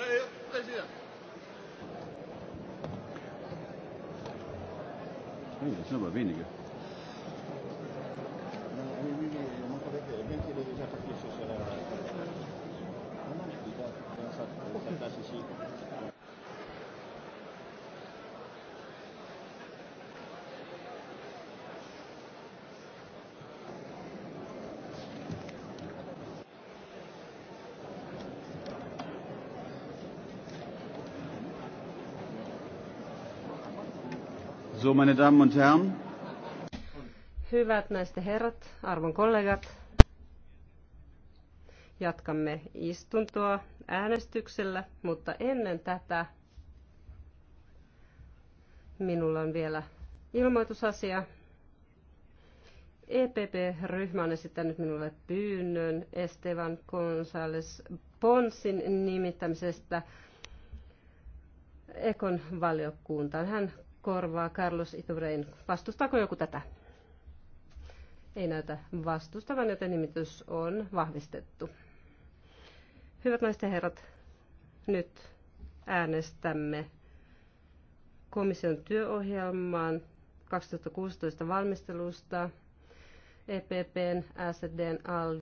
Ja, das sind aber wenige. So, meine Damen und Herren. Hyvät ja herrat, arvon kollegat. Jatkamme istuntoa äänestyksellä, mutta ennen tätä minulla on vielä ilmoitusasia. EPP-ryhmä on esittänyt minulle pyynnön Estevan González Ponsin nimittämisestä Ekon valiokuntaan. Hän korvaa Carlos Iturein. Vastustaako joku tätä? Ei näytä vastustavan, joten nimitys on vahvistettu. Hyvät naiset ja herrat, nyt äänestämme komission työohjelmaan 2016 valmistelusta EPPn, SDn, ALDE,